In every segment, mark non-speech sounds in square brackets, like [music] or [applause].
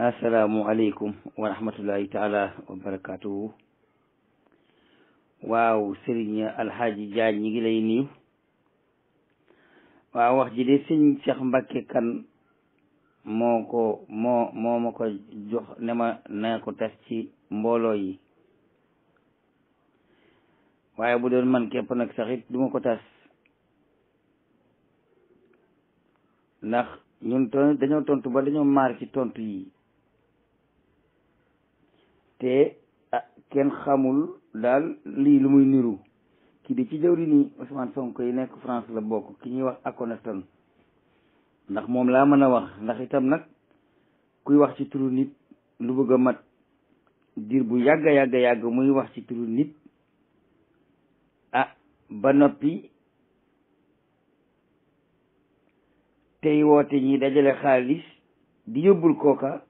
asalaamualeykum wa rahmatullahi taala wa barakaatuhu waaw sëriñ alxaaji Jaañ ñi ngi lay nuyu waaw wax ji de sëñ Cheikh Mbacke kan moo ko moo moo ko jox ne ma naa ko tas ci mbooloo yi waaye bu doon man képp nag sax it duma ko tas ndax ñun ton dañoo tontu ba dañoo maar ci tontu yi te ah kenn xamul daal lii lu muy niru kii di ci jawri nii Ousmane Sonko yi nekk France la bokk ki ñuy wax Akhenaton ndax moom laa mën a wax ndax itam nag kuy wax ci turu nit lu bëgg mat diir bu yàgg a yàgg muy wax ci turu nit ah ba noppi tey woote ñi dajale xaalis di yóbbul kooka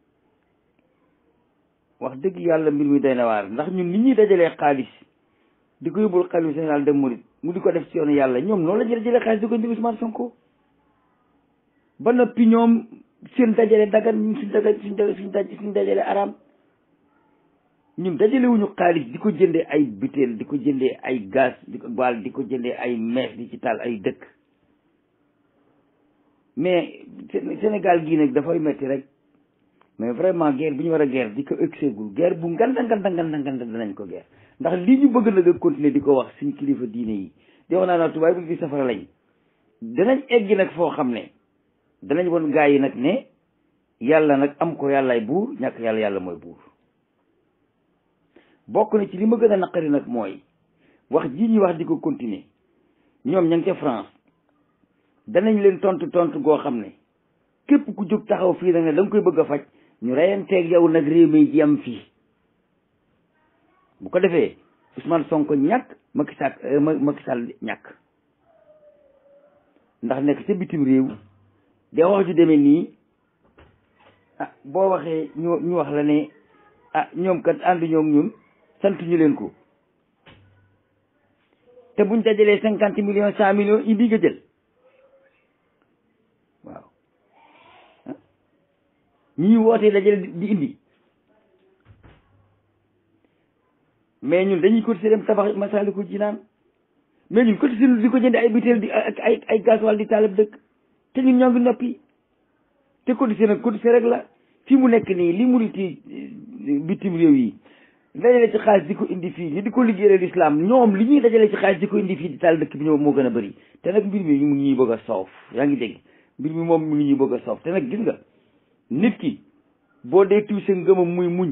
wax dëgg yàlla mbir mi doy na ndax ñu nit ñuy dajalee xaalis di ko yóbbul xaalis général de Mouride mu di ko def si yoon yàlla ñoom noonu la ñuy dajalee xaalis di ko indi Ousmane ba noppi ñoom seen dajale dagan ñun suñ dagan suñ suñ dajale di ko jëndee ay butéel di ko jëndee ay gaz di ko baal di ko jëndee ay mees di ci taal ay dëkk mais Sénégal gii nag dafay metti rek mais vraiment guerre bi ñu war a guerre di ko ëgseegul guerre bu nganda nganda nganda nganda danañ ko guerre ndax lii ñu bëgg na nga continuer di ko wax suñ kilifa diine yi di wax naa naa tubaay bu fi safara lañ danañ egg nag foo xam ne danañ woon gaa yi nag ne yàlla nag am ko yàllaay buur ñàkk yàlla yàlla mooy buur bokk na ci li ma gën a naqari nag mooy wax ji ñuy wax di ko continuer ñoom ña ngi ca France danañ leen tontu tontu goo xam ne képp ku jóg taxaw fii da nga da koy bëgg a faj ñu reyanteeg yow nag réew mi yam fii bu ko defee man sonk ñàkk Macky Sall euh, Macky Sall ñàkk ndax nekk ca bitim réew de wax ju demee nii ah boo waxee ñu ñu wax la ne ah ñoom kat ànd ñoom ñun sant ñu leen ko te mu buñ dajalee cinquante millions cent millions indi nga jël ñii woote dajale di indi mais ñun dañuy cotiser dem tabax Masaalikul Jinaan mais ñun cotiser di ko jënd ay butéel di ak ay ay gasoil di taalib dëkk te ñun ñoo ngi noppi te cotiser nag cotiser rek la fii mu nekk nii li murit yi eh, bitim réew yi dajale ci xaalis di ko indi fii ñu di ko liggéey liggéeyal lislaam ñoom li ñuy dajale ci xaalis di ko indi fii di taal dëkk bi ñoo moo gën a bëri te nag mbir mi ñu ngi ñuy bëgg a soof yaa ngi dégg mbir mi moom mu ngi ñuy bëgg a soof te nag nit ki boo dee tuy sa ngëmam muy muñ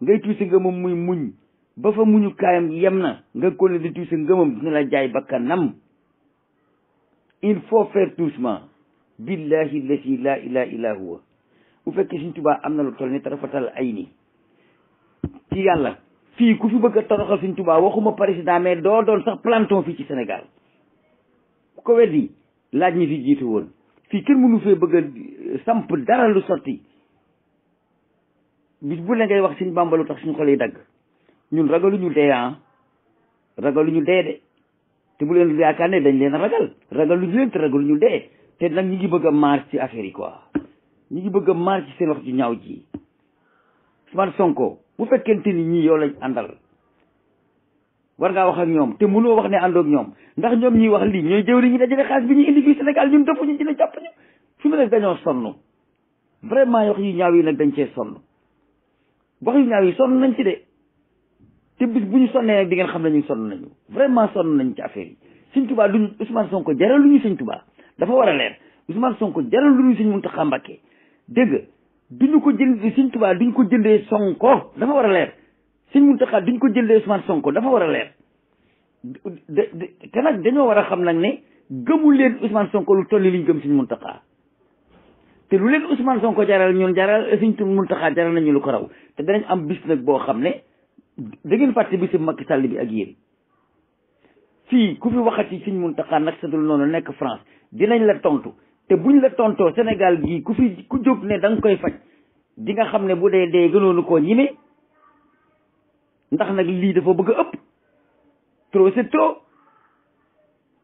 ngay tuy sa ngëmam muy muñ ba fa muñu yem na nga kone di tuy sa ngëmam dina la jaay bakkanam il faut faire doucement billahi lasi la ilaha illa huwa bu fekkee suñ tubaa am na lu toll ni tarafatal ay nii ci yàlla fii ku fi bëgg a toroxal suñ tubaa waxuma président mais doo doon sax planton fii ci senegal ku ko weddi laaj ñi fi jiitu woon fii kenn mënu fee bëgg a samp dara lu sotti bis bu la ngay wax suñ bàmba lu tax suñu xol yi dagg ñun ragaluñu dee ah ragaluñu dee de te bu leen yaakaar ne dañ leen ragal ragaluñu leen te ragaluñu dee te nag ñu ngi bëgg a maar ci affaire yi quoi ñu ngi bëgg a maar ci seen wax ju ñaaw ji Ousmane Sonko bu fekkente ni ñii yow lañ àndal war ngaa wax ak ñoom te mënoo wax ne àndoog ñoom ndax ñoom ñiy wax lii ñooy jëwri ñi dajale xaalis bi ñuy indi fii Sénégal ñun dëpp ñu ci la jàpp ñu fi mu nekk dañoo sonn vraiment wax yu ñaaw yi nag dañ cee sonn wax yu ñaaw yi sonn nañ ci de te bis bu ñu sonnee nag di ngeen xam nañu sonn nañu vraiment sonn nañ ci affaire yi Sëñ Tuubaa duñ Ousmane Sonko jaral lu ñu Sëñ Tuubaa dafa war a leer Ousmane Sonko jaral lu ñu Sëñ Muntaxa Mbàkke dégg ko jënd Sëñ Tuubaa duñ ko jëndee Sonko dafa war a leer Sëñ Muntaxa duñ ko jëndee Ousmane Sonko dafa war a leer te nag dañoo war a xam nag ne gëmul leen Ousmane Sonko lu toll li ñu gëm Sëñ Muntaxa te lu leen Ousmane Sonko jaral ñun jaral Sëñ Muntaxa jaral nañu lu ko raw te danañ am bis nag boo xam ne da ngeen fàtte bisu Macky Sall bi ak yéen fii ku fi waxati Sëñ Muntaxa nag sa dul noonu nekk France dinañ la tontu te buñ la tontoo Sénégal gii ku fi ku jóg ne da koy faj di nga xam ne bu dee dee gënoonu koo ñime ndax nag lii dafa bëgg a ëpp trop c'est trop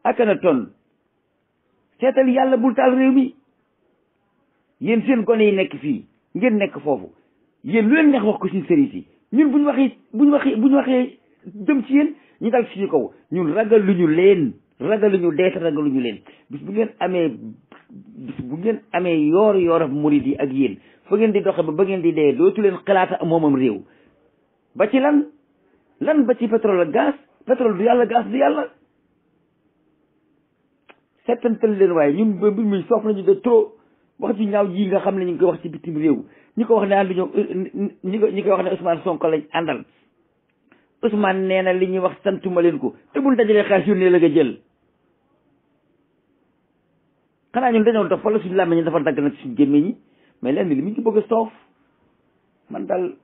akana ton seetal yàlla bul taal réew mi yéen seen gone yi nekk fii ngeen nekk foofu yéen lu leen neex wax ko suñu sëriñ si ñun bu ñu waxee bu ñu waxee bu ñu waxee jëm ci yéen ñu dal suñu kaw ñun ragal lu ñu leen ragal lu ñu deeta ragal lu ñu leen bis bu ngeen amee bis bu ngeen amee yoor yooraf murid yi ak yéen fa ngeen di doxe ba ba ngeen di dee dootu leen xalaata moomam réew ba ci lan lan ba ci pétrole ak gaz pétrole du yàlla gaz du yàlla settantal leen waaye ñun ba mbir soof nañu de trop wax ju ñaaw ji nga xam ne ñu ngi koy wax ci bitim réew ñi ko wax ne àndu ñoo ñi ñi koy wax ne Ousmane Sonko lañ àndal Ousmane nee na li ñuy wax santuma leen ko te buñ dajalee xaalis yónnee la nga jël xanaa ñun dañoo dof wala suñu làmmiñ dafa dagg na ci suñu ñi mais lenn li mu ñu bëgg a soof man daal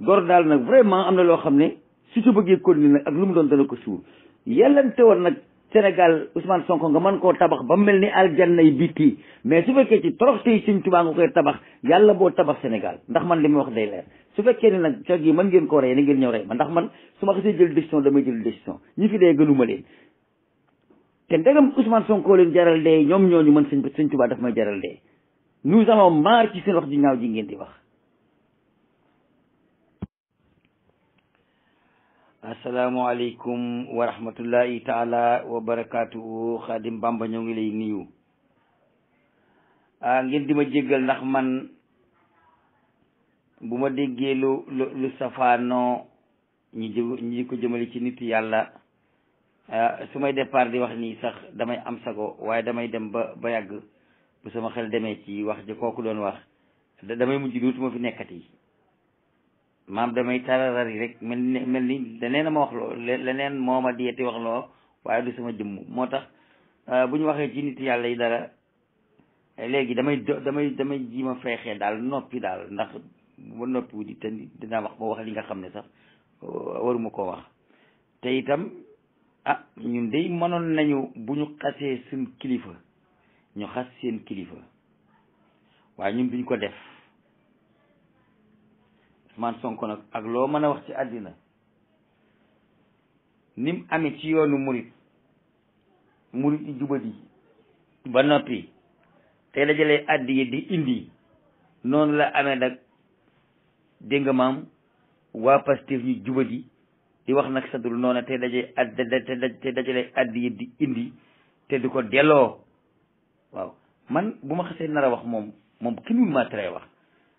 gor daal nag vraiment am na loo xam ne su ci bëggee continuer nag ak lu mu doon dana ko suur yellante woon nag Sénégal Ousmane Sonko nga man koo tabax ba mu mel ni aljannay biti mais su fekkee ci torox tey Sëñ Tuubaa nga koy tabax yàlla boo tabax Sénégal ndax man li muy wax day leer su fekkee ni nag cag yi mën ngeen koo rey ni ngeen ñëw rey ma ndax man su ma xasee jël décision damay jël décision ñi fi dee gënuma leen te ndegam Ousmane Sonko leen jaral dee ñoom ñooñu mën sëñ Sëñ Tuubaa daf may jaral dee ñu avons marre ci seen wax di ñaaw ji ngeen di wax asalaamualeykum wa rahmatullahi taala wa barakaatu xaadim ñoo ngi lay nuyu ah ngeen di ma jéggal ndax man bu ma déggee lu lu lu safaanoo ñu jë ñu di jëmale ci nit yàlla ah, su may départ di wax nii sax damay am sago waaye damay dem ba ba yàgg bu sama xel demee ci wax ji kooku doon wax damay mujj duutuma fi yi maam damay tararar yi rek mel ni mel ni leneen ma wax loo leneen moo ma diyeti wax loo waaye du sama jëmm moo tax euh, bu ñu waxee ci nit yàlla yi dara léegi damay damay damay ma feexee daal noppi daal ndax ba noppi wu di te dinaa wax ba wax li nga xam ne sax euh, waruma koo wax te itam ah ñun day mënoon nañu bu ñu xasee seen kilifa ñu xas seen kilifa waaye ñun duñ ko def man sonk nag ak loo mën a wax ci àddina nim amee ci yoonu murit murit yi jubadi ba noppi tey dajalee àddi yi di indi noonu la amee nag dégg nga maam waa Pastef yu jubadi di wax nag sadul noona tey daje ad te dajalee àddi yi di indi te di ko delloo waaw man bu ma xasee nar a wax moom moom kenn mënu maa teree wax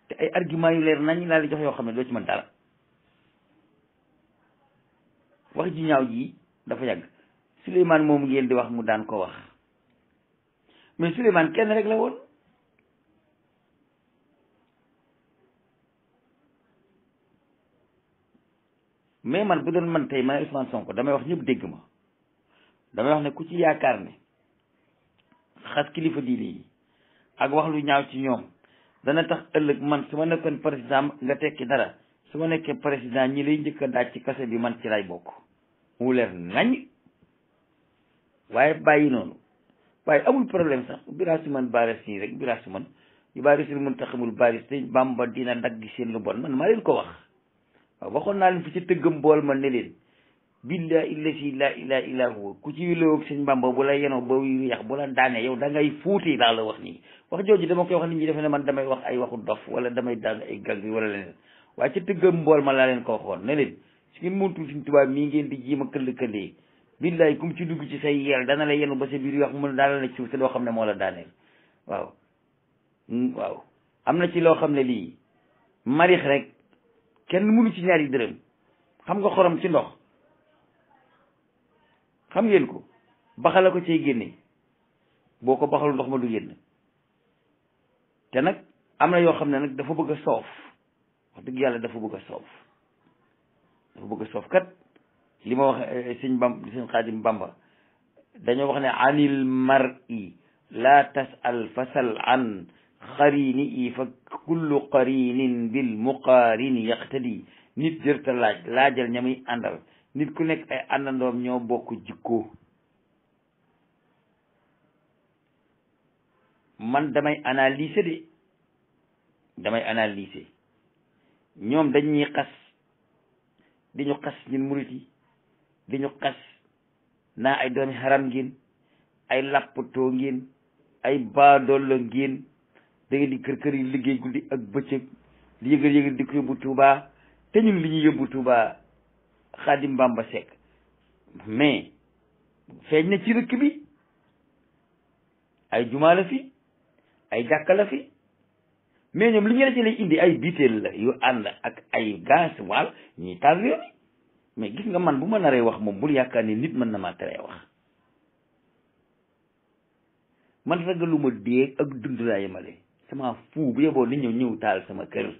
te ay argument yu leer nañ laa la jox yoo xam ne doo ci mën dara wax ji ñaaw ji dafa yàgg Souleymane moom ngeen di wax mu daan ko wax mais Souleymane kenn rek la woon mais man bu doon man tey man Ousmane Sonko damay wax ñëpp dégg ma damay wax ne ku ci yaakaar ne xas kilifa diine yi ak wax lu ñaaw ci ñoom dana tax ëllëg man su ma nekkoon président nga tekki dara su ma nekkee président ñi lay njëkk a daaj ci kase bi man ci lay bokk mu leer nañ waaye bàyyi noonu waaye amul problème sax biraasu man baaris nii rek biraasu man yu baarisul mun taxamul baaris te bamba dina dagg seen lu bon man maa leen ko wax waxoon naa leen fi ci tëggam mbool ma ne leen billahi lazi la ilaha illa huwa ku ci wiloo ak sëñ Bamba bu la yenoo ba yax bu la daane yow da ngay fuuti laa la wax nii wax jooju dama koy wax nit ñi defe ne man damay wax ay waxu dof wala damay daan ay gag bi wala leneen waaye ca tëggam mbool ma laa leen koo waxoon ne leen su ngeen mëntul mii ngeen di jéem a këll-këllee billahi kum ci dugg ci say yeel dana la yenu ba sa biir wax mu daana la ci suuf la daaneel waaw mm, waaw na ci loo xam ne lii marix rek kenn mënu ci ñaari dërëm xam nga xorom si ndox xam ngeen ko baxala ko cay génne boo ko baxalu ndox ma du génn te nag am na yoo xam ne nag dafa bëgg a soof wax dëgg yàlla dafa bëgg a soof dafa bëgg a soof kat li ma wax eh, eh, sëñ bam sëñ xaadim bamba dañoo wax ne anil mar'i la tasal fasal an xarini i fa kullu qarinin bil muqarini yaqtadi nit jërta laaj laajal ñamuy àndal nit ku nekk ay àndandoom ñoo bokk jikkoo man damay analyser de damay analyser ñoom dañuy xas di ñu xas ñun murit yi di ñu xas naa ay doomi xaram ngeen ay lappatoo ngeen ay baadoolo ngeen da ngeen di kër kër yi liggéey guddi ak bëccëg di yëgal yëgal di ko yóbbu Tuubaa te ñun li ñuy yóbbu xaadim bamba sekk mais feeñ na ci dëkk bi ay jumaa fi ay jàkka fi mais ñoom li ñu ci lay indi ay biteel la yu ànd ak ay gaz waal ñuy taal réew mais gis nga man bu ma naree wax moom bul yaakaar ni nit mën na maa teree wax man ragaluma dee ak dund laa yemale sama fuu bu yeboo li ñëw ñëw taal sama kër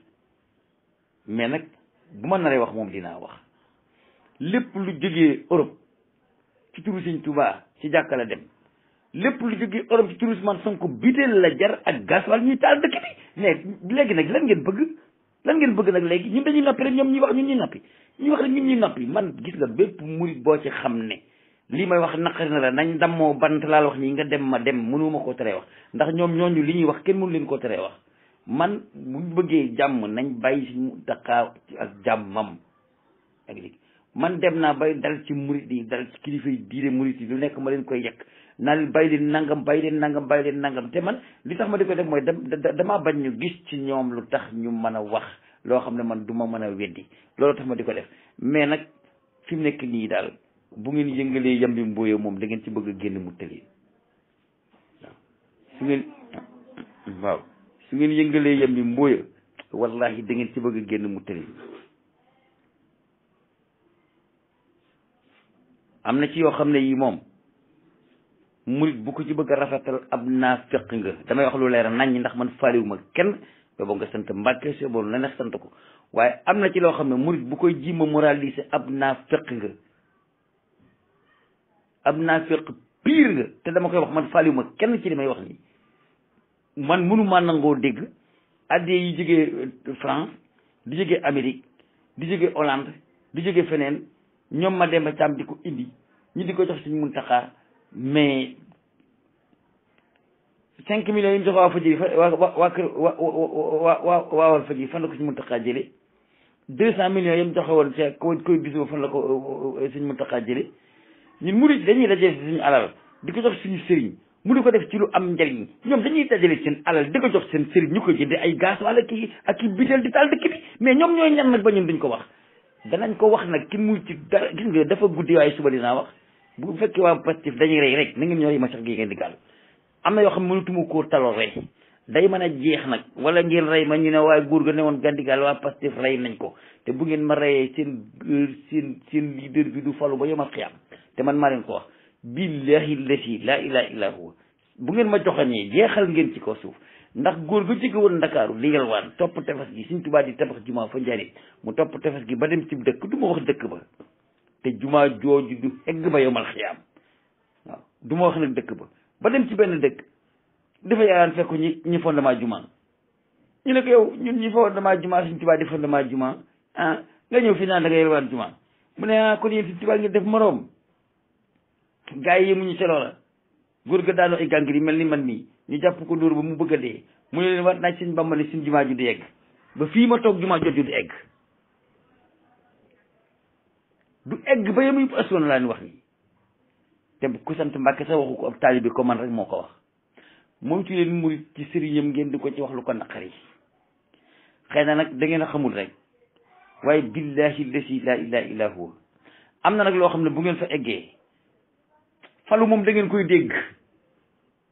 mais nag bu ma naree wax moom dinaa wax lépp lu jógee Europe ci turu tubaa ci jàkka dem lépp lu jógee Europe ci turu Ousmane Sonko biteel la jar ak gasoil ñuy taal dëkk bi mais léegi nag lan ngeen bëgg lan ngeen bëgg nag léegi ñun dañuy nappi rek ñoom ñuy wax ñun ñuy nappi ñuy wax rek ñun ñuy nappi man gis nga bépp murit boo ci xam ne lii may wax naqari na la nañ dammoo bant laal wax nii nga dem ma dem mënuma koo teree wax ndax ñoom ñooñu li ñuy wax kenn mënu leen koo teree wax man buñ bëggee jàmm nañ bàyyi si mu ak jàmmam ak léegi man dem naa bay dal ci murit yi dal ci kilifa yi diine murit yi lu nekk ma leen koy yekk naa leen bàyyi nangam bay leen nangam bay leen nangam te man li tax ma di ko def mooy damaa bañ ñu gis ci ñoom lu tax ñu mën a wax loo xam ne man du ma mën a weddi loolu tax ma di ko def mais nag fi mu nekk nii daal bu ngeen yëngalee yambi mbooyee moom da ngeen ci bëgg a génn mu tëli waaw su ngeen waaw su ngeen yëngalee yambi mbooyee wallahi da ngeen ci bëgg a génn mu am na ci yoo xam ne yi moom murit bu ko ci bëgg a rafetal ab naa fekk nga damay wax lu leer naññ ndax man faaliwuma kenn yow boo nga sant mbàkke si boobu la neex sant ko waaye am na ci loo xam ne murit bu koy jima moraliser ab naa fekk nga ab naa fekk pire nga te dama koy wax man faaliwuma kenn ci li may wax nii man mënuma nangoo dégg addee yi jógee France di jógee Amérique di jógee Hollande di jógee feneen ñoom ma demba càmm di ko indi ñu di ko jox suñu muntaxaa mais cinq millions yi mu jox waa fajiri fa waa waa kër waa waa waawal fajiri fan la ko suñu muntaxaa jële deux cent millions yi mu joxe woon ca ko koy bisuma la ko euh, euh, suñu muntaxaa jële ñun murit dañuy dajale suñu alal di ko jox suñu sëriñ mu di ko def ci lu am njariñ ñoom dañuy dajale seen alal di ko jox seen sëriñ ñu ko jënde ay gaas wala kii ak kii bitel di taal dëkk bi mais ñoom ñooy ñan nag ba ñun dañ ko wax danañ ko wax nag ki mu ci dara dafa guddi waaye suba dinaa wax bu fekkee waa Pastef dañuy rey rek na ngeen ñoo yi ma sax gi ngeen di gàll am na yoo xam ne mënutuma koo taloo rey day man a jeex nag wala ngeen rey ma ñu ne waaye góor ga ne woon gàndigaal waa Pastef rey nañ ko te bu ngeen ma reyee seen seen seen bi du falu ba yomal xiyam te man maa leen ko wax bii billahi lazi la ilaha illa huwa bu ngeen ma joxañee jeexal ngeen ci ko suuf ndax góor gu jóge woon ndakaaru di yalwaan topp tefes gi suñ tubaa di tabax jumaa fa njariñ mu topp tefes gi ba dem ci dëkk du wax dëkk ba te jumaa jooju du egg ba yomal xiyaam waaw wax nag dëkk ba ba dem ci benn dëkk dafa yaalaan fekk ñi ñi fondement jumaa ñu ne ko yow ñun ñi fondement jumaa suñ tubaa di maa jumaa ah nga ñëw fi naa da nga jumaa mu ne ah kon yéen suñ tubaa ngeen def moroom gars yi mu ñu ci loola góor ga daanoo ay gàngir yi mel ni man nii ñu jàpp ko dóor ba mu bëgg a dee mu ne leen war naa sëñ Bamba ne seen jumaa ju di egg ba fii ma toog jumaa ju di egg du egg ba yemuy asoon laa ni wax nii te ku sant Mbàkke sax waxu ko ab taalibe ko man rek moo ko wax moytu mu murit ci sëriñam ngeen di ko ci wax lu ko naqari xëy na nag dangeen a xamul rek waaye billahi la ilaha illa huwa am na nag loo xam ne bu ngeen fa eggee falu moom da ngeen dégg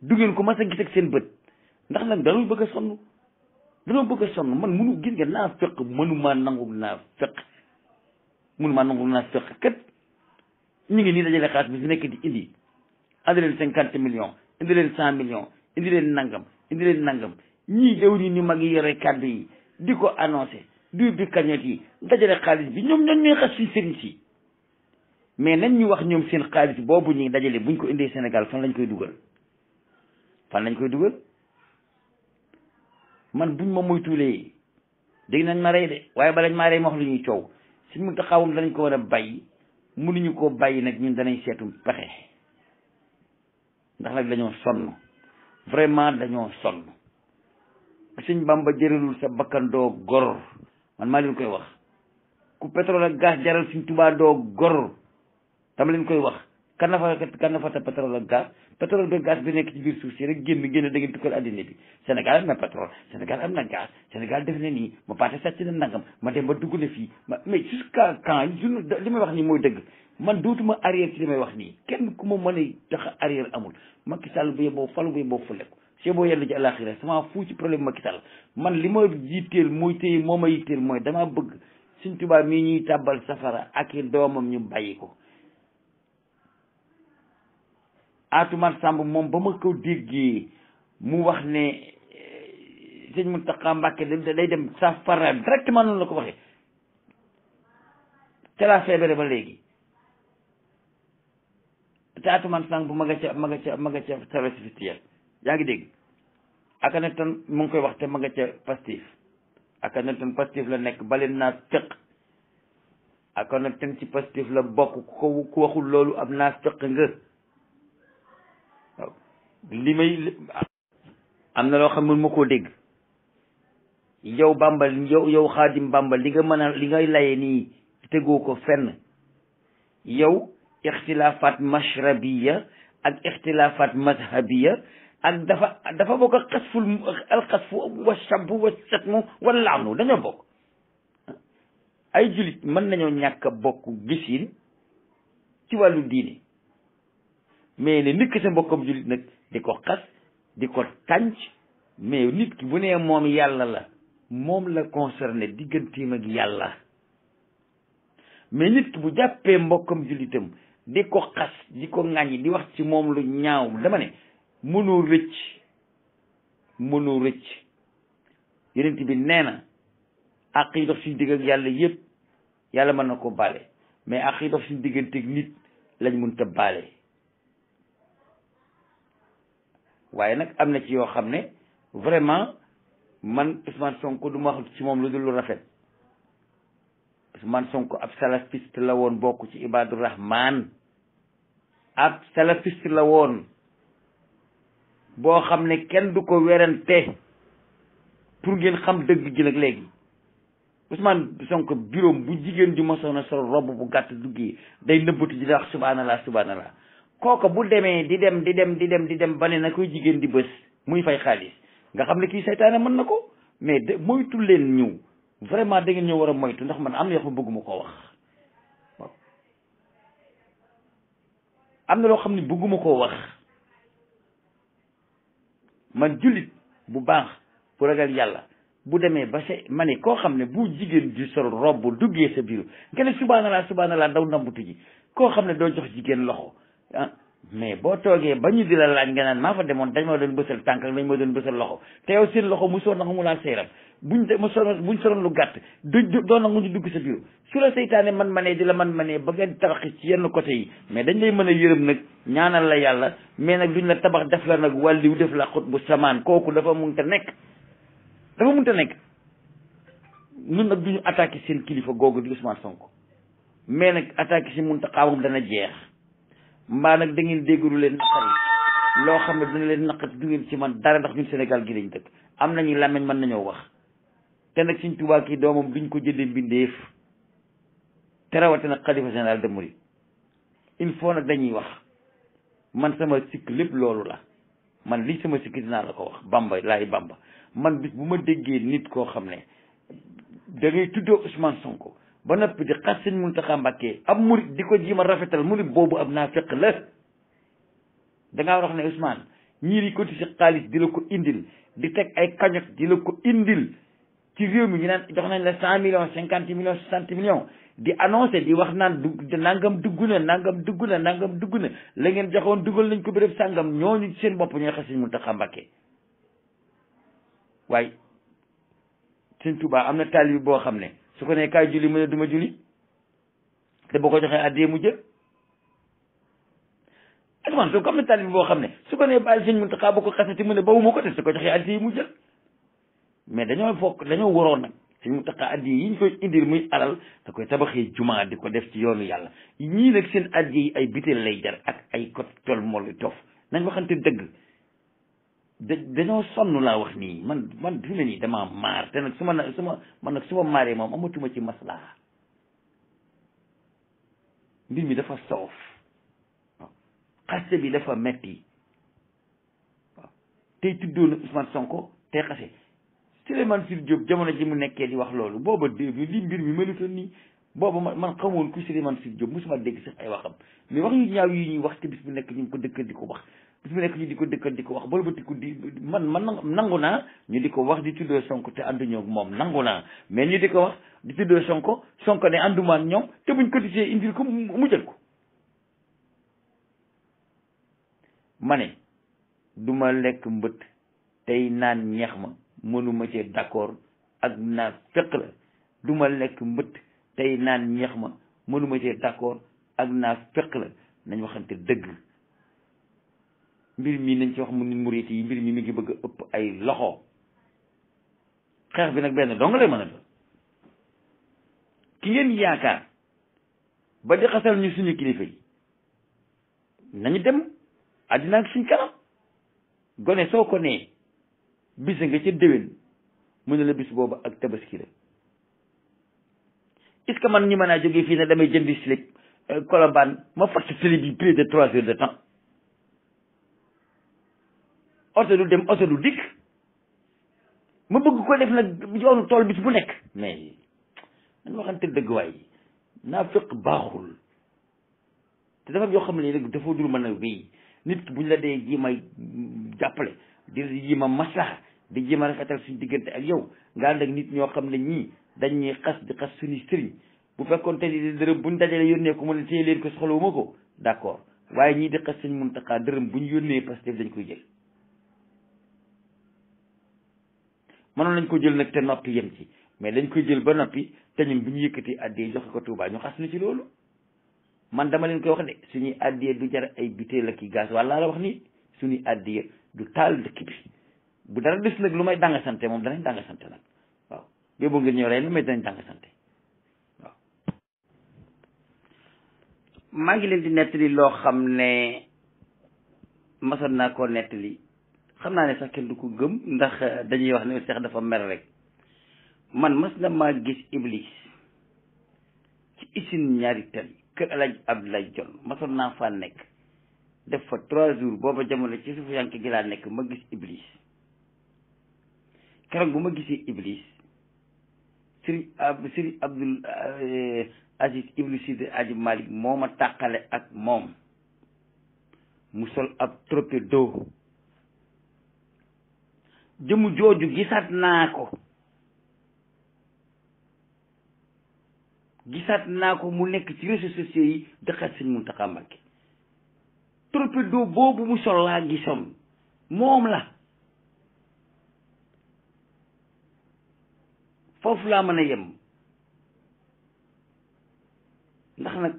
du ko mas a gis seen bët ndax nag dañoo bëgg a sonn dañoo bëgg a sonn man munu gis nga naa fekk mënumaa nangu naa fekk mënumaa nangu naa fekk kat ñu ngi nii dajale xaalis bi si nekk di indi indi leen million millions indi leen cent millions indi leen nangam indi nangam ñii jaww ni mag yi yore kàddu yi di ko annoncé du bi kañot yi dajale xaalis bi ñoom ñoom ñooy xas si sëriñ si mais nañ ñu wax ñoom seen xaalis boobu ñuy dajale buñ ko indee Sénégal fan lañ koy dugal fan lañ koy dugal man buñ ma moytuwulee dégg nañ ma rey de waaye balañ ma rey ma wax lu ñuy coow si mun taxawum danañ ko war a bàyyi mënuñu koo bàyyi nag ñun danañ seetum pexe ndax nag dañoo sonn vraiment dañoo sonn suñ bamba jëralul sa bakkan doo gor man maa leen koy wax ku pétrole ak gaz jaral suñ tubaa doo gor tam leen koy wax kan na fa kan na pétrole ba gaz bi nekk ci biir suuf si rek génn génn da ngeen tukkal addina bi Sénégal am na pétrole Sénégal am na gaz Sénégal def na nii ma paate sàcc na nangam ma dem ba dugg na fii ma li may wax nii mooy dëgg man dootuma arrière li may wax nii kenn ku ma mën a tax amul Macky Sall bu yeboo falu bu yeboo ko soo boo yellu ci àlaxira sama fuu ci problème Macky Sall man li ma yitteel mooy téye moom a yitteel mooy damaa bëgg Sëñ Tuubaa mii ñuy tàbbal safara ak i doomam ñu bàyyi ko Atoumane Samb moom ba ma ko déggee mu wax ni ne eh, sëñ Mountakha Mbacké day dem safara directement noonu la ko waxee ca laa feebare ba léegi te Atoumane Samb ma nga ca ma nga ca ma nga ca yaa ngi dégg aka ne tan mu ngi koy wax te ma nga ca aka ne tan Pastef la nekk bale naa tëq aka ne tan ci Pastef la bokk ku waxul loolu ab naa tëq li may am na loo xam ne ma koo dégg yow Bamba yow yow xaadim Bamba li nga mën a li ngay laye nii tegoo ko fenn yow ixtilaafaat mashrabiya ak ixtilaafaat madhabiya ak dafa dafa bokk ak xasful alxasfu wa shabu wa satmu wa laanu dañoo bokk ay jullit mën nañoo ñàkk a bokk gisin ci wàllu diine mais ne nit sa mbokkam jullit nag di ko xas di ko tànc mais nit ki bu nee moom yàlla la moom la concerné digganteem ak yàlla mais nit ki bu jàppee mbokkam jullitam di ko xas di ko ŋàññi di wax ci moom lu ñaaw dama ne mënoo rëcc mënoo rëcc yonent bi nee na àq yi dox si digg ak yàlla yépp yàlla mën na ko bale mais àq yi dox suñu digganteeg nit lañ mënta baale waaye nag am na ci yoo xam ne vraiment man Ousmane Sonko du ma wax ci moom lu dul lu rafet Ousmane Sonko ab salafiste la woon bokk ci Ibaadu Rahman ab salafiste la woon boo xam ne kenn du ko werante pour ngeen xam dëgg gi nag léegi Ousmane Sonko bureau bu jigéen ju mosoon a sol robe bu gàtt duggee day nëbbatu ji da wax subhanallah subhanallah kooka bu demee di dem di dem di dem di dem ba ne na koy jigéen di bës muy fay xaalis nga xam ne kii saytaane mën na ko mais de moytu leen ñëw vraiment da ngeen ñëw war a moytu ndax man am na yoo ne bëgguma koo wax waaw na loo xam ne bëgguma koo wax man jullit bu baax bu ragal yàlla bu demee ba se ma ne koo xam ne bu jigéen di sol robb duggee sa biir nga ne subhanallah subhanallah ndaw ndambutu yi koo xam ne doo jox jigéen loxo ah mais boo toogee ba ñu di la laaj nga naan maa fa demoon dañ ma doon bësal tànk ak dañ ma doon bësal loxo te yow seen loxo mu soon na xamu laal sa yaram buñ de mu soon buñ soroon lu gàtt du doon na ñu dugg sa biir su la seytaane man ma manee di la man ma manee ba ngeen tabaxi ci yenn côté yi mais dañ lay mën a yërëm nag ñaanal la yàlla mais nag duñ la tabax def la nag wàlliw def la xut bu samaan kooku dafa munta nekk dafa munta nekk ñun nag duñu attaqué seen kilifa googu di Sonko mais nag attaqué si munta xaamam dana jeex mbaa nag da dégg lu leen naqari loo xam ne dina leen naqari du ngeen ci man dara ndax ñun Sénégal gi lañ dëkk am nañu làmmiñ mën nañoo wax te nag Sëñ Tuubaa kii doomam duñ ko jëndee mbindeef te rawatina xalifa général de Mouride il faut nag dañuy wax man sama sikk lépp loolu la man li sama sikk dinaa la ko wax Bamba laay Bamba man bis bu ma déggee nit koo xam ne da ngay tuddoo Ousmane Sonko ba noppi di xas sëñ Muntaxa Mbàkke ab murit di ko jiima rafetal murit boobu ab naa fekk la dangaa wax ne Ousmane ñii di cotiser xaalis di la ko indil di teg ay cagnotte di la ko indil ci réew mi ñu naan jox nañ la cent millions cinquante millions soixante millions di annoncé di wax naan du nangam dugg na nangam dugg na nangam dugg na la ngeen joxoon dugal nañ ko béréb sàngam ñooñu seen bopp ñooy xas sëñ Muntaxa Mbàkke waaye sëñ tubaa am na taalibe boo xam ne su ko nee kaay julli mu ne duma julli te boo ko joxee addee mu jël Ousmane Sonko am na talib boo xam ne su ko nee bàyyi sëñ Mountakha bu ko xasati mu ne bawuma ko te su ko joxee addee mu jël mais dañoo fokk dañoo waroon nag sëñ Mountakha addee yi ñu koy indil muy alal da koy tabaxee jumaa di ko def ci yoonu yàlla ñii nag seen addee yi ay bitel lay jar ak ay kot tol molli toof nañ waxante dëgg da dañoo sonn laa wax nii man man fi ne nii damaa maar te nag su ma su ma man nag su ma maaree moom amatuma ci maslaa mbir mi dafa soof waaw xaste bi dafa metti waaw tey tuddoo na Ousmane Sonko tey xase Souleymane Sir Diop jamono ji mu nekkee di wax loolu booba début li mbir mi melutoon nii booba man man xamoon ku Souleymane Sir Diop mosuma dégg sax ay waxam mais wax yu ñaaw yi ñuy wax te bis bu nekk ñu ngi ko dëkkandi ko wax su nekk ñu di ko dëkkal di ko wax bala ba tikku di man man nangu naa ñu di ko wax di tuddoo sonk te ànduñoo ak moom nangu naa mais ñu di ko wax di tuddoo Sonko Sonko ne ànduma ak ñoom te buñ cotisé indil ko mu jël ko ma ne duma lekk mbëtt tey naan ñeex ma mënuma ci d'accord ak naa fekk la duma lekk mbët tey naan ñeex ma mënuma ci d'accord ak naa fekk la nañ waxante dëgg mbir mi nañ ci wax mu nit murit yi mbir mi mi ngi bëgg a ëpp ay loxo xeex bi nag benn dong lay mën a doon ki ngeen yaakaar ba di xasal ñu suñu kilifa yi nañu dem àddina ak suñ kanam gone soo ko nee bis nga ca déwén mu ne la bis boobu ak tabaski la est-ce que man ñi mën a jógee fii ne damay jëndi slip euh, Colobane ma fàttali slip yi plus de trois heures de temps oto du dem oto du dikk ma bëgg ko def nag yoonu tool bis bu nekk mais dañ waxante dëgg waay naa baaxul te dafa yoo xam ne rek dafa dul mën a wéy nit buñ la dee ji may jàppale di ji ma masaa di ji ma rafetal suñu diggante ak yow nga ànd nit ñoo xam ne ñii dañuy xas di xas suñu sëriñ bu fekkoon te ni dërëm buñ dajalee yónnee ko mu ne téye leen ko soxlawuma ko d'accord waaye ñii di xas suñ Muntaxa dërëm bu buñ yónnee parce que dañ koy jël mënoon lañ ko jël nag te noppi yem ci mais dañ koy jël ba noppi te ñun bu ñu yëkkati addee joxe ko Touba ñu xas na ci loolu man dama leen koy wax de suñuy addee du jar ay butéel ak i gaz laa la wax nii suñuy addee du taal dëkk bi bu dara des nag lu may danga moom danañ danga sante nag waaw bee boo ngeen ñëw rey lu may danañ danga waaw. maa ngi leen di nettali loo xam ne masoon naa koo nettali. xam naa ne sax kenn du ko gëm ndax euh, dañuy wax ne Seex dafa mer rek man mas na maa gis Iblis ci usine ñaari tali kër Alaaji Abdoulaye Dione masoon naa faa nekk def fa trois jours booba jamono ci suufu yànk gi laa nekk ma gis Iblis keroog bu ma gisee Iblis Sëriñ ab Sëriñ Abdul euh, Aziz Ibnu Sidi Aji Malik moo ma tàqale ak moom mu sol ab tropé d'eau jëmu jooju gisaat naa ko gisaat naa ko mu nekk ci réseaux sociaux yi dëkkaat sëñ Muntaxa Mbàkke torpedo boobu mu sol laa moom la foofu laa mën a yem ndax nag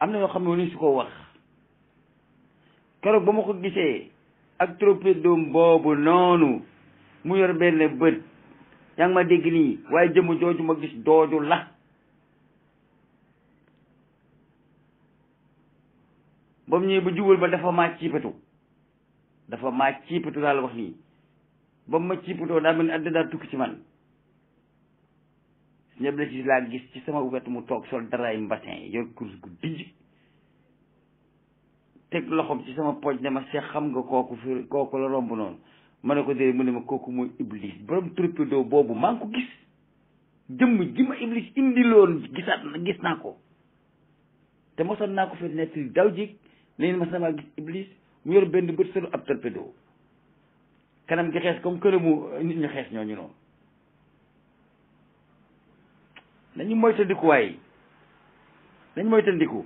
am na yoo xam ne wala su ko wax keroog ba mu ko gisee ak torpedo boobu noonu mu yor benn bët yaa ngi ma dégg nii waaye jëmm jooju ma gis dooju la ba mu ñëwee ba jubal ba dafa maa ciipatu dafa maa ciipatu daal wax nii ba mu ma ciipatoo daa mel ni àddina tukki ci man ñëpp la ci laa gis ci sama wet mu toog sol daraay mbatin yor kurus gu dijj teg loxoom ci sama pooj ne ma seex xam nga kooku fi kooku la romb noonu ma ne ko déedéet mu ne ma kooku mooy iblis borom torpedo boobu maa ngi ko gis jëmm ji ma iblis indi loon gisaat na gis naa ko te mosoon naa ko fi nekk daw jig ne ma sama gis iblis mu yor benn bët solo ab torpedo kanam gi xees comme këramu nit ñu xees ñooñu noonu nañu moytandiku waaye nañu moytandiku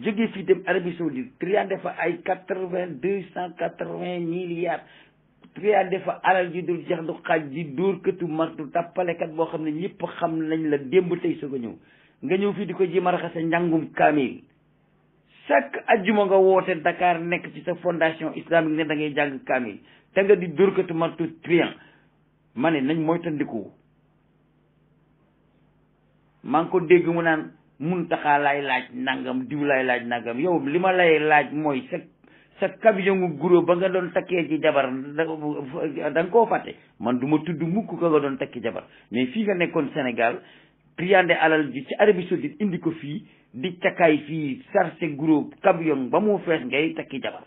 jóge fii dem Arabie Saoudite triande defa ay quatre vingt deux cent quatre vingt milliards triande fa alal ji dul jeex du xaaj di dóor këtu martu tàppalekat boo xam ne ñëpp xam nañ la démb tey soo ko ñëw nga ñëw fii di ko jéem a raxase njàngum kaamil chaque ajjuma nga woote Dakar nekk ci sa fondation islamique ne da ngay jàng kaamil te nga di dóor këtu martu trian ma nañ mooy tandiku ko dégg mu naan muntaxaa lay laaj nangam diw laaj nangam yow li ma lay laaj mooy sa sa cabillon guro ba nga doon takkee ci jabar da koo fàtte man duma tudd mukk ka nga doon takki jabar mais fii nga nekkoon Sénégal triandé alal bi ci Arabie Saoudite indi ko fii di cakaay fii sarse guro cabillon ba mu fees ngay takki jabar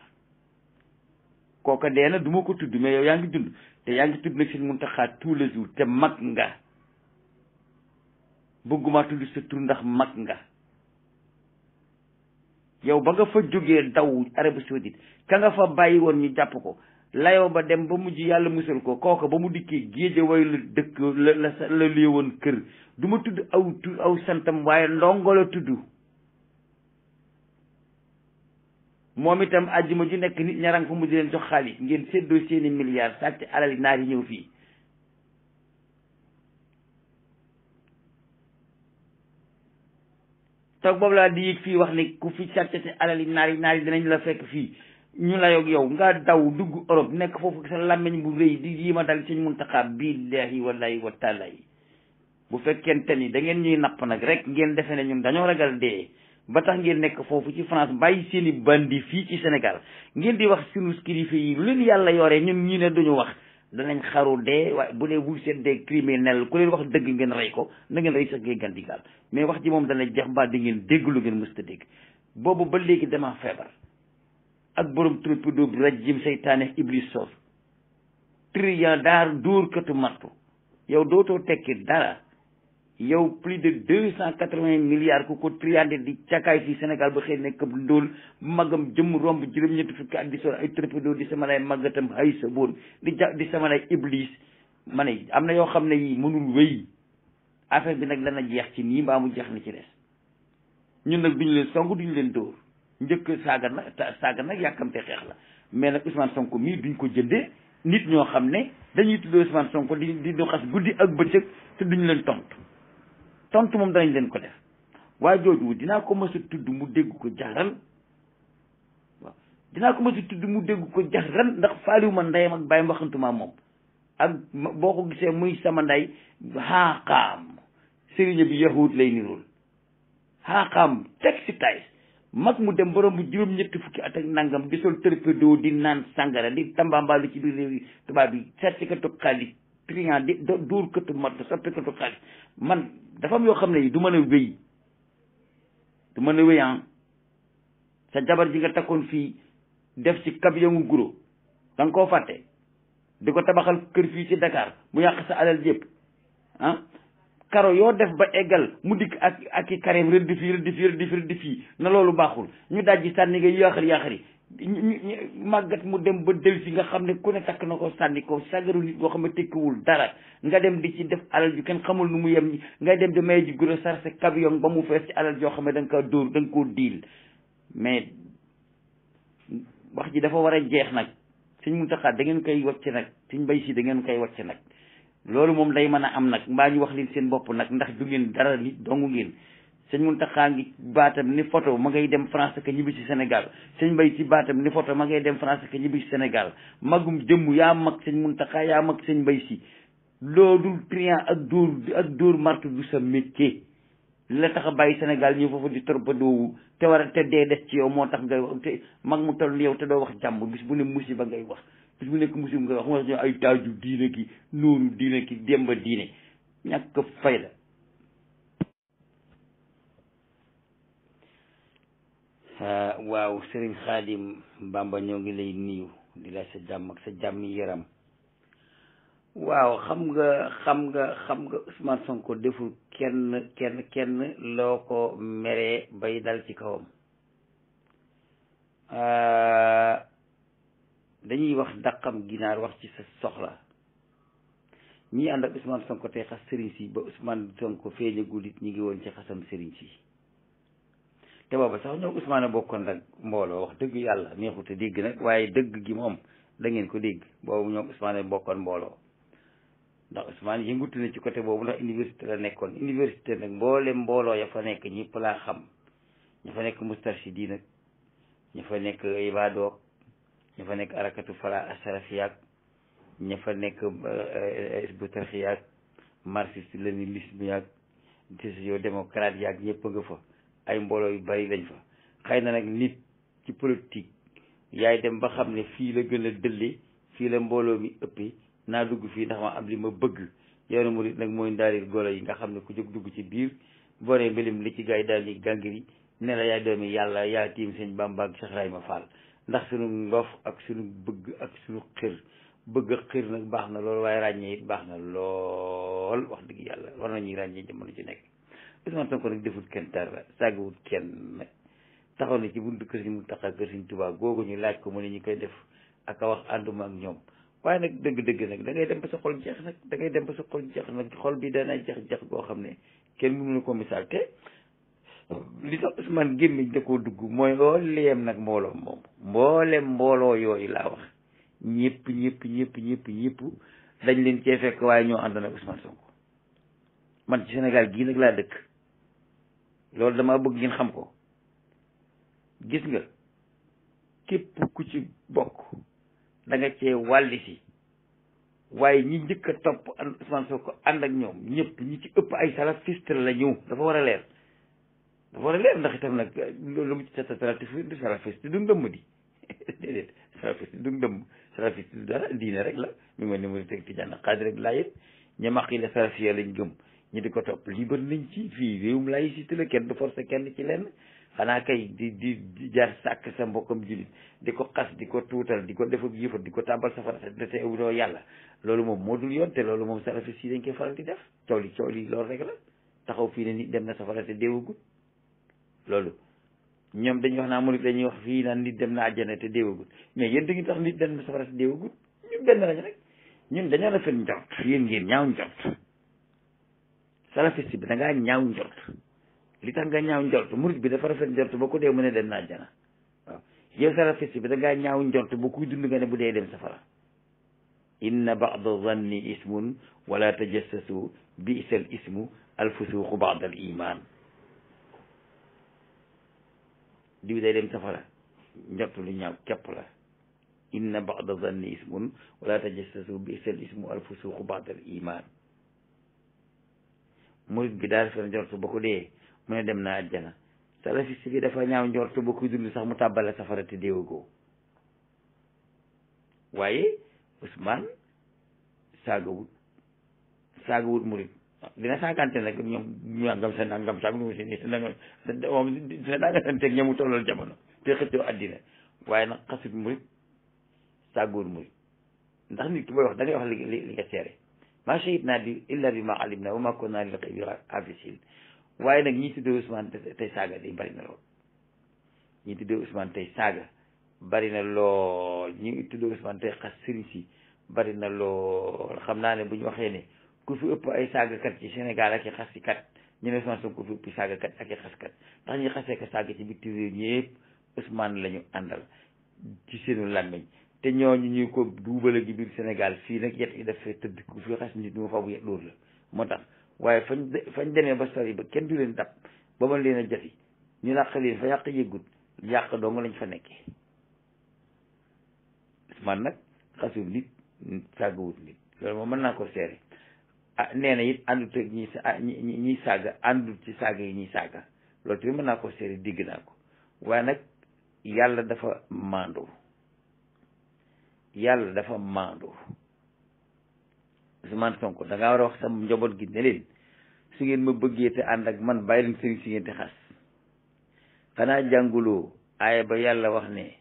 kooka dee na du ma ko tudd mais yow yaa ngi dund te yaa ngi tudd nag seen muntaxaa tous les jours te mag nga bëgguma tudd sa tur ndax mag nga yow ba nga fa jógee daw Arabie Saoudite ka nga fa bàyyi woon ñu jàpp ko layo ba dem ba mujj yàlla musal ko kooka ba mu dikkee géeje way la dëkk la la la woon kër du ma tudd aw tu aw santam waaye ndongo la tudd moom itam àjjuma ju nekk nit ñaran ko mujj leen jox xaalis ngeen séddoo seeni milliards sàcc alal naar yi ñëw fii toog boobu laa di yëg fii wax ne ku fi sàccati alal yi naar yi naar yi dinañ la fekk fii ñu la yoog yow nga daw dugg Europe nekk foofu sa làmmiñ bu rëy di ma dal suñ muntaxaa billahi wallahi wa taala yi bu fekkente ni da ngeen ñuy napp nag rek ngeen defe ne ñun dañoo ragal dee ba tax ngeen nekk foofu ci France bàyyi seeni bandi fii ci Sénégal ngeen di wax sunu kilifa yi lu leen yàlla yore ñun ñi ne duñu wax danañ xaru dee waaye bu dee bu seddee criminel ku leen wax dëgg ngeen rey ko na ngeen rey sax ngeen gàndigaal mais wax ji moom dana jeex mbaa di ngeen dégg lu ngeen mësta dégg boobu ba léegi damaa feebar ak borom tropido bi rajim seytaane iblis soof trian daar dóor katu mattu yow dootoo tekki dara yow plus de deux cent quatre-vingts milliards ku ko triandé di cakaay fii Sénégal ba xëy nekk ndóol magam jëm romb juróom-ñetti fukki at di sol ay trépido di sama lay màggatam hay sa boon di ja di sama lay iblis ma ne am na yoo xam ne yi mënul wéy affaire bi nag dana jeex ci nii mbaamu jeex na ci des ñun nag duñu leen song duñu leen dóor njëkk saaga nag saaga nag yàkkamte xeex la mais nag Ousmane Sonko mii duñ ko jëndee nit ñoo xam ne dañuy tudd Ousmane Sonko di di xas guddi ak bëccëg te duñu leen tontu. tontu moom danañ leen ko def waa jooju dinaa ko mës tudd mu dégg ko jaxran waaw dinaa ko mës tudd mu dégg ko jaxran ndax faaliwu ma ndeyam ak bàyyam waxantuma moom ak boo ko gisee muy sama ndey xaaxaam sëriñ bi yahud lay nirul xaaxaam teg si tay mag mu dem borom bu juróom ñetti fukki at ak nangam di sol torpedo di naan sangara di tambambaalu ci biir réew yi tubaab yi sertikatu xaalis trian di dóor këtu mat xaalis man dafa am yoo xam ne yi du mën a wéy du mën a wéy ah sa jabar ji nga takkoon fii def ci kabiyangu guro danga koo fàtte di ko tabaxal kër fii ci Dakar mu yàq sa alal yëpp ah karo yoo def ba eggal mu dikk ak ak i kareem rëdd fii rëdd fii rëdd fii rëdd fii na loolu baaxul ñu dajji sànni nga yaaxari yaaxari màggat mu dem ba del si nga xam ne ku ne takk na ko sànni ko sagaru nit koo xam ne tekkiwul dara nga dem di ci def alal ju kenn xamul nu mu yem ñi nga dem di maye ji guro sarse camion ba mu fees ci alal joo xam ne da nga dóor da nga koo diil mais wax ji dafa war a jeex nag mun Muntaxa da ngeen koy wàcc nag suñ bay si da ngeen koy wàcc nag loolu moom day mën a am nag mbaa ñu wax leen seen bopp nag ndax du ngeen dara nit dongu ngeen sëñ Muntaxa ngi baatam ni photo ma ngay dem France que ñibbi ci Sénégal sëñ Mbay ci baatam ni photo ma ngay dem France que ñibbi ci Sénégal magum jëmm yaa mag sëñ Muntaxa yaa mag sëñ Mbay si loolu triant ak dóor ak dóor martu du sa métier li la tax a bàyyi Sénégal ñëw foofu di torpadoowu te war a te dee des ci yow moo tax ngay wax te mag mu toll yow te doo wax jàmm bis bu ne musiba ngay wax bis bu nekk musiba ngay wax moo tax ñoo ay taaju diine ki nooru diine ki démba diine ñàkk fay la Euh, waaw Serigne Khadim Bamba ñoo ngi lay nuyu di la sa jàmm ak sa jàmm yaram waaw xam nga xam nga xam nga Ousmane Sonko deful kenn kenn kenn loo ko meree bay dal ci kawam euh, dañuy wax dàqam ginaar wax ci sa soxla ñi ànd ak Ousmane Sonko tey xas Serigne si ba Ousmane Sonko feeñagul it ñi ngi woon ci xasam Serigne si. te booba sax ñoom Ousmane bokkoon nag mbooloo wax dëgg yàlla neexut a dégg nag waaye dëgg gi moom da ngeen ko dégg boobu ñoom Ousmane bokkoon mbooloo ndax Ousmane yëngutu na ci côté boobu ndax université la nekkoon université nag mboolem mbooloo ya fa nekk ñëpp laa xam ña fa nekk mustarshidi nag ña fa nekk ibadoog ña fa nekk arakatu fala asarafiyaak ña fa nekk eh, eh, isbu tarxiyaak marxiste leninisme yaak décision démocrate yaak ñëpp nga fa ay mbooloo yu bari lañ fa xëy na nag nit ci politique yaay dem ba xam ne fii la gën a dëlli fii la mbooloo mi ëppi naa dugg fii ndax ma am li ma bëgg yoonu murit nag mooy ndaarir golo yi nga xam ne ku jóg dugg ci biir boo nee mbilim li ci gars yi daal di gàngiri ne la yaay doomi yàlla yaa tiim sëñ Bamba ak Cheikh ma Fall ndax suñu ngoof ak suñu bëgg ak suñu xir bëgg a xir nag baax na lool waaye ràññee baax na lool wax dëgg yàlla war nañuy ràññee jamono ci nekk Ousmane Sonko nag defut kenn dara sàggawut kenn taxaw na ci buntu kër si mu taxaw kër Sëriñ Tuubaa googu ñu laaj ko mu ne ñu koy def ak a wax ànduma ak ñoom waaye nag dëgg-dëgg nag da ngay dem ba sa xol jeex nag da ngay dem ba sa xol jeex nag xol bi dana jeex jeex goo xam ne kenn mënu ko misaal te li tax Ousmane gémmiñ da koo dugg mooy mbooleem nag mbooloo moom mbooleem mbooloo yooyu laa wax ñëpp ñëpp ñëpp ñëpp ñëpp dañ leen cee fekk waaye ñoo àndoon ak man ci Sénégal gii nag laa dëkk loolu dama bëgg ngeen xam ko gis nga képp ku ci bokk da nga cee si waaye ñi njëkk a topp Ousmane ko ànd ak ñoom ñëpp ñi ci ëpp ay salafiste la ñëw dafa war a leer dafa war a leer ndax itam nag loolu mu ci salafiste du salafiste du ndëmm di [laughs] déedéet salafiste du ndëmm salafiste du dara diine rek la mi ma ni mu teg tijaan xaadi rek laa yëpp ñamaqi la salafiya lañ gëm ñi di ko topp libre nañ ci fii réewum laïcité la kenn du forcé kenn ci lenn xanaa kay di di jar sàkk sa mbokkam jullit di ko xas di ko tuutal di ko def ak yëfat di ko tàmbal safara te te awdoo yàlla loolu moom moo dul yoon te loolu moom salafi si dañ koy faral di def coow li coow li loolu rek la taxaw fii ne nit dem na sa safara te déewagul loolu ñoom dañu wax naa murit dañuy wax fii naan nit dem na àjjana te déewagul mais yéen da ngi tax nit dem na safara te déewagul ñun benn lañ rek dañoo rafet njort yéen ngeen ñaaw njort salafiste bi da ngaa ñaaw njort li tax bi dafa rafet njort ba ko dee mu ne dem naa jana waaw yow salafiste bi da ngaa ñaaw njort ba kuy dund nga bu dee dem safara inna ba zanni ismun wala tajassasu bi'sal ismu alfusuqu ba'da dem safara njort lu ñaaw képp la inna ba'da zanni ismun wala tajassasu bi'sal ismu alfusuqu ba'da al iman murit bi daal rafet njortu ba ko dee mu ne dem na àjjana salafiste bi dafa ñaaw njortu ba kuy dund sax mu tàbbale safara te déewagoo waaye Ousmane saagawut saagawut murit dina saagante nag ñoom ñangam sa nangam saag nu si ni sa nangam moom sa nangasanteeg ñoomu tollal jamono te xëccoo àddina waaye nag xasut murit saagawut murit ndax nit ki booy wax da ngay wax li li nga seere ma shahidna bi illa bi ma alimna wa ma kunna lil ghaybi haafizin waaye nag ñi tuddee Ousmane tey saaga day bari ñi tuddee Ousmane tey saaga bari na lool ñi tuddee Ousmane tey xas sëriñ si bari na lool xam naa ne bu ñu waxee ne ku fi ëpp ay saagakat ci Sénégal ak i xas si kat ñu ne Ousmane Sonko ku fi ëpp saagakat ak i xas kat ndax ñi xasee ko saaga ci bitim réew ñëpp Ousmane la ñu àndal ci seenu làmmiñ te ñooñu ñu ñu ko duubale gi biir Sénégal fii nag yet yi dafay tëdd ku fi xas nit mu fabu yet dóor la moo tax waaye fañ fañ demee ba sori ba kenn du leen dab ba ma leen a jati ñu làq leen fa yàq yëggut yàq dong lañ fa nekkee man nag xasul nit sàggawut nit loolu moom mën naa ko seere ah nee na it àndut ak ñi ah, ñi ñiy àndut ci sàgga yi ñuy saaga loolu tamit mën naa ko seere digg naa ko waaye nag yàlla dafa maandoo yàlla dafa maandu Ousmane Sonko da ngaa war a wax sama njaboot gi ne su ngeen ma bëggee te ànd ak man bàyyi leen si ngeen di xas xanaa jànguloo aaya ba yàlla wax ne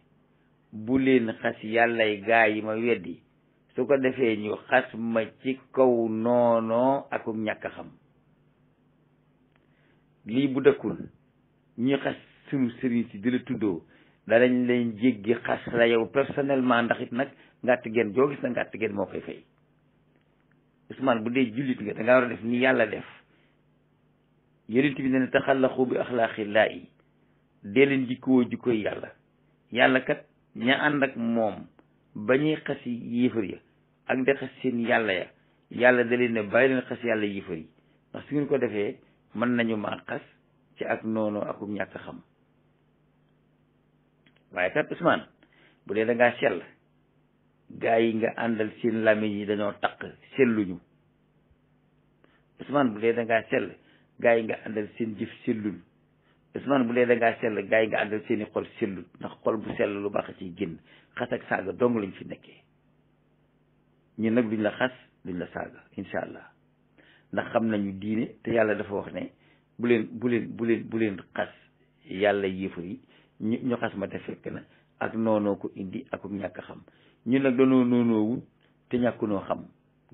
bu leen xas yàllay gaa yi ma weddi su ko defee ñu xas ma ci kaw noonoo akum ñàkk xam lii bu dëkkul ñu xas sunu sëriñ si di tuddoo danañ leen jéggi xas la yow personnellement ndaxit nag ngàtt geen joo gis na ngàtt gen moo koy fay Ousmane bu dee jullit nga dangaa war a def ni yàlla def yonent bi ne na taxallaxu bi axlaaqillaa yi dee leen jikkoo jikkoy yàlla yàlla kat ña ànd ak moom ba ñuy xasi yéefar ya ak da xas seen yàlla ya yàlla da leen ne bàyyi leen xas yàlla yéefar yi ndax su ngeen ko defee mën nañu maa xas ci ak noonu akum ñàkk xam waaye kat Ousmane bu dee da ngaa sell gaa yi nga àndal seen làmmiñ yi dañoo taq selluñu Ousmane bu dee da ngaa sell gaa yi nga àndal seen jëf selluñu Ousmane bu dee da ngaa sell gaa yi nga àndal seen xol selluñ ndax xol bu sell lu baax ci génn xas ak saaga dong lañu fi nekkee ñun nag duñ la xas duñ la saaga incha allah ndax xam nañu diine te yàlla dafa wax ne bu leen bu leen bu leen bu leen xas yàlla yéefar yi ñu ñu xas ma te fekk na ak noonoo ko indi ak ñàkk xam ñun nag danoo noonoowu te ñàkkunoo xam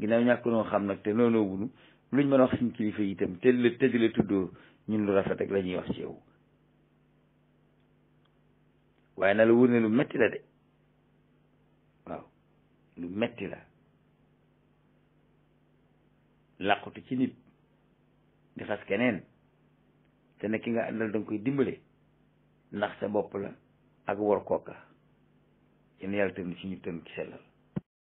ginnaaw ñàkkunoo xam nag te noonoowunu luñ mën a wax suñ kilifa yi itam te la te di la lu rafet rek la ñuy wax ci yow waaye na la wóor ne lu metti la de waaw lu metti la làqutu ci nit di xas keneen te ne ki nga àndal danga koy dimbale ndax sa bopp la ak wor kooka yéen yàlla tënk ci ñu